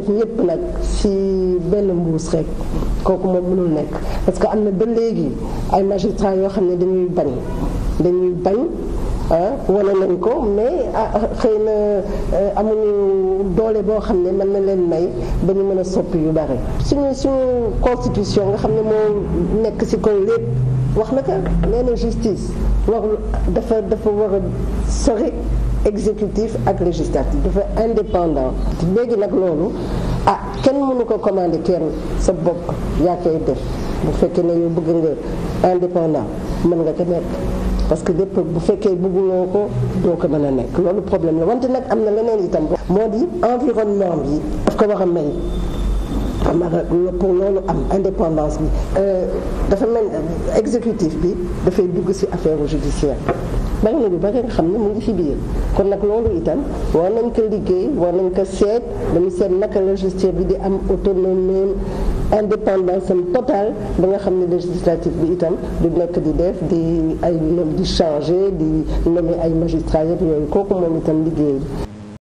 def ñëpp nag ci benn mbuus rek kooku moom mënul nekk parce que am na ba léegi ay magistrats yoo xam ne dañuy bañ dañuy bañ ah, wane nañ ko mais ah, xëy na euh, amuñu doole boo xam ne mën na leen may ba ñu mën a soppi yu bare suñu suñu constitution nga xam ne moo nekk ci kaw lépp wax na ko nee na justice warul dafa dafa war a sori exécutif ak législatif dafa indépendant léegi nag loolu ah kenn mënu ko commandé kenn sa bopp yaa koy def bu fekkee ne yow bëgg nga indépendant mën nga ko nekk parce que lépp bu fekkee bëgguloo ko doo ko mën a nekk loolu problème la wante nag am na leneen itam moo di environnement bi daf ko wax a mel Maroc pour loolu am indépendance bi euh, dafa mel exécutif bi dafay dugg ci affaire judiciaire bari na lu bari xam ne mu ngi ci biir kon nag loolu itam war nañ ko liggéey war nañ ko seet dañu seet naka la justice bi di am autonomie indépendance am totale ba nga xam ne législatif bi itam du nekk di def di ay di changer di nommer ay magistrats yëpp yooyu kooku moom itam liggéey bi